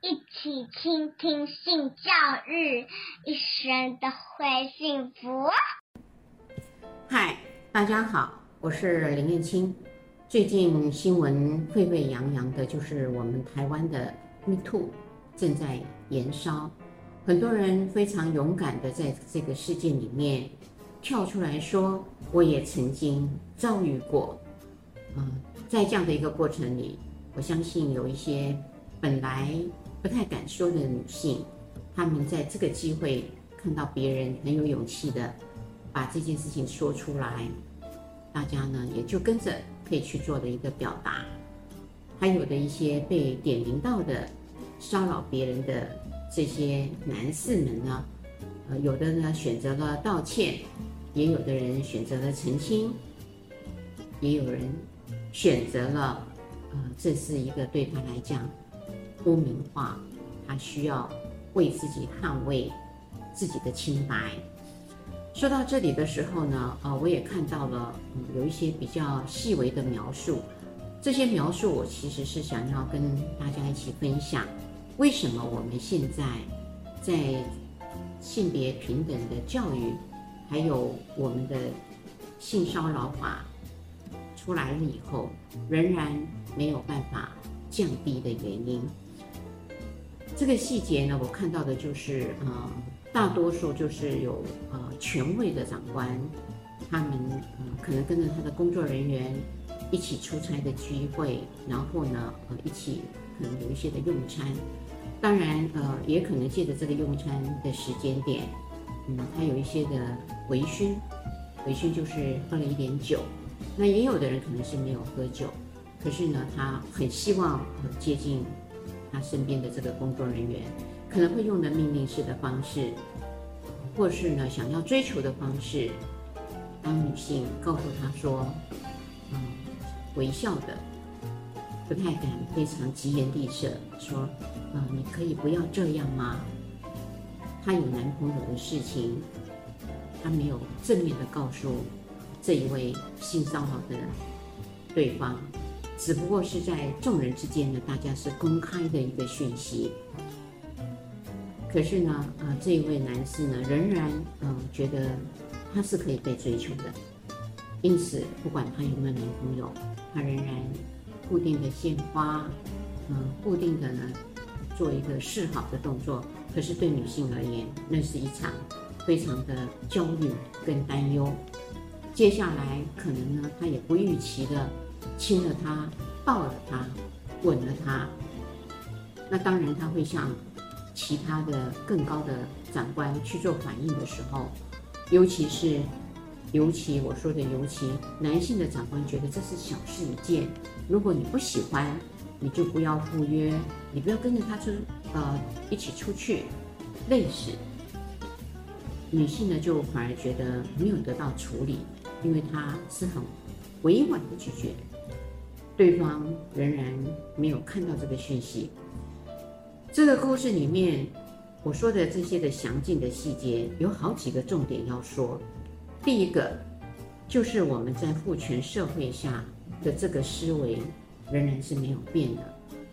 一起傾聽性教育，一生都會幸福。嗨，大家好，我是林燕青。最近新聞沸沸揚揚的，就是我們台灣的 Me Too 正在延燒，很多人非常勇敢的在這個事件裡面跳出來說，我也曾經遭遇過。嗯，在這樣的一個過程裡，我相信有一些本來，不太敢說的女性，她們在這個機會看到別人很有勇氣的把這件事情說出來，大家呢也就跟着可以去做的一個表達。還有的一些被點名到的騷擾別人的這些男士們呢，呃，有的呢選擇了道歉，也有的人選擇了澄清，也有人選擇了，呃，這是一個對他來講。污名化，他需要為自己捍衛自己的清白。說到這裡的時候呢，呃，我也看到了，嗯，有一些比較細微的描述，這些描述我其實是想要跟大家一起分享。為什麼我們現在在性別平等的教育，還有我們的性騷擾法出來了以後，仍然沒有辦法降低的原因？這個細節呢，我看到的就是，呃，大多數就是有呃權位的長官，他們呃可能跟着他的工作人員一起出差的機會，然後呢，呃，一起可能有一些的用餐，當然，呃，也可能借着這個用餐的時間點，嗯，他有一些的微醺，微醺就是喝了一點酒，那也有的人可能是沒有喝酒，可是呢，他很希望呃接近。他身邊的這個工作人員可能會用的命令式的方式，或是呢想要追求的方式，當女性告訴他說：“嗯，微笑的，不太敢，非常疾言厲色說，嗯，你可以不要這樣嗎？她有男朋友的事情，她沒有正面的告訴這一位性騷擾的對方。”只不過是在眾人之間呢，大家是公開的一個訊息。可是呢，啊、呃，這一位男士呢，仍然嗯、呃、覺得他是可以被追求的，因此不管他有沒有男朋友，他仍然固定的獻花，嗯、呃，固定的呢做一個示好的動作。可是對女性而言，那是一場非常的焦慮跟擔憂。接下來可能呢，他也不預期的。親了他，抱了他，吻了他。那當然他會向其他的更高的長官去做反應的時候，尤其是，尤其我說的尤其男性的長官覺得這是小事一件。如果你不喜歡，你就不要赴約，你不要跟着他出，呃，一起出去，累死。女性呢，就反而覺得沒有得到處理，因為他是很。委婉的拒絕，對方仍然沒有看到這個訊息。這個故事裡面，我說的這些的詳盡的細節，有好幾個重點要說。第一個，就是我們在父權社會下的這個思維仍然是沒有變的。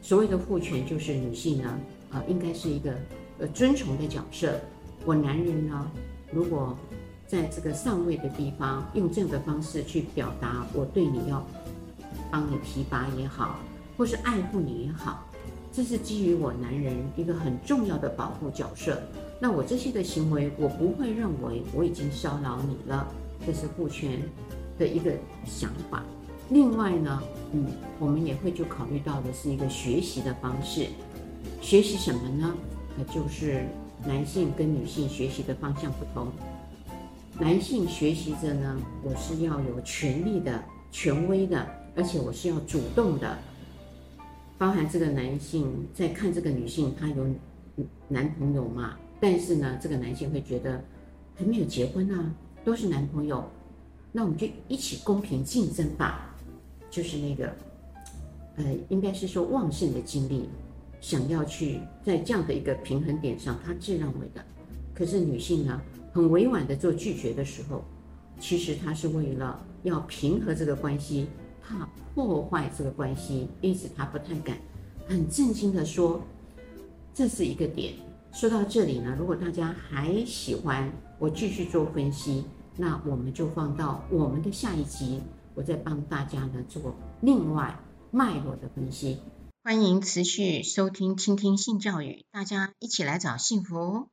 所謂的父權，就是女性呢啊、呃，應該是一個呃尊崇的角色。我男人呢，如果在這個上位的地方，用這樣的方式去表達我對你要幫你提拔也好，或是愛護你也好，這是基於我男人一個很重要的保護角色。那我這些的行為，我不會認為我已經騷擾你了，這是父權的一個想法。另外呢，嗯，我們也會就考慮到的是一個學習的方式，學習什麼呢？那就是男性跟女性學習的方向不同。男性學習者呢，我是要有權力的、權威的，而且我是要主動的，包含這個男性在看這個女性，她有男朋友嘛？但是呢，這個男性會覺得還沒有結婚啊，都是男朋友，那我們就一起公平競爭吧，就是那個，呃，應該是說旺盛的精力，想要去在這樣的一個平衡點上，他自認為的，可是女性呢？很委婉的做拒絕的時候，其實他是為了要平和這個關係，怕破壞這個關係，因此他不太敢，很正經的說，這是一個點。說到這裡呢，如果大家還喜歡我繼續做分析，那我們就放到我們的下一集，我再幫大家呢做另外脈絡的分析。歡迎持續收聽、傾聽性教育，大家一起來找幸福哦。